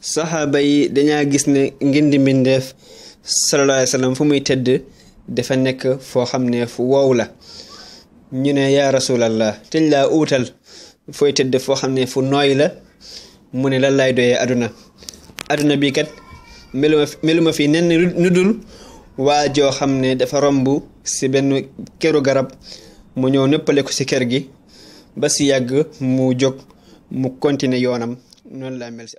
saxaaba yi dañaa gis ne ngeen di mbindeef sallallahu alayhi fu muy tëdd dafa nekk foo xam ne fu wow la ñu ne yaa rasulallah teñ laa uutal fooy tëdd foo xam ne fu nooy la mu ne lan laay doyee aduna aduna bi kat meluma meluma fi nenn nu dul waa joo xam ne dafa romb si benn këru garab mu ñëw nëppale ko si kër gi ba si yàgg mu jog mu continuer yoonam noonu laa mel si